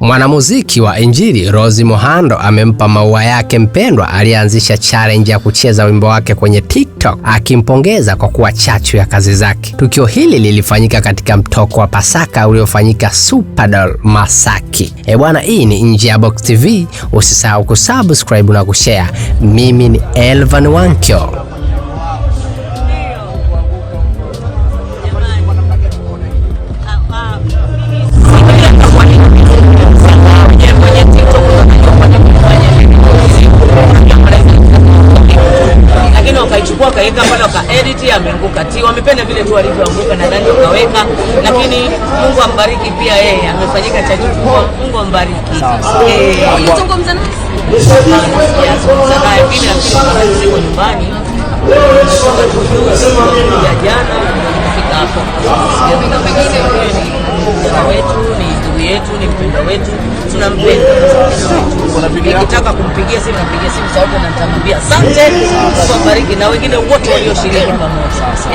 Mwanamuziki wa Injili Rose Muhando amempa maua yake mpendwa aliyeanzisha challenge ya kucheza wimbo wake kwenye TikTok akimpongeza kwa kuwa chachu ya kazi zake. Tukio hili lilifanyika katika mtoko wa Pasaka uliofanyika superdol Masaki. E bwana, hii ni Nje ya Box TV, usisahau kusubscribe na kushare. Mimi ni Elvan Wankyo. ukaweka pale, waka wakaedit ameanguka ti, wamependa vile tu alivyoanguka na nani ukaweka, lakini Mungu ambariki pia yeye, amefanyika cha juu. Mungu ambariki. Zungumza nasi zungumza naye vile, lakini siko nyumbani ya jana fika hapo wetu, ni ndugu yetu, ni mpenda wetu, tunampenda nikitaka kumpigia simu nampigia simu sababu na nitamwambia asante, Mungu awabariki na wengine wote walioshiriki pamoja.